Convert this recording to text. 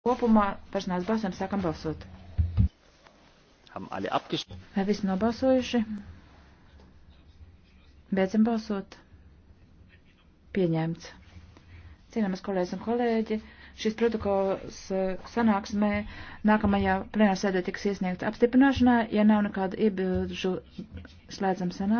Kopumā personāls balsojums sākam balsot. Vai visi nobalsojuši? Beidzam balsot. Pieņemts. Cienāmas kolēģis un kolēģi, šis protokols eh, sanāksmē nākamajā plenārsēdē tiks iesniegta apstiprināšanā, ja nav nekādu iebilžu slēdzam sanāksmē.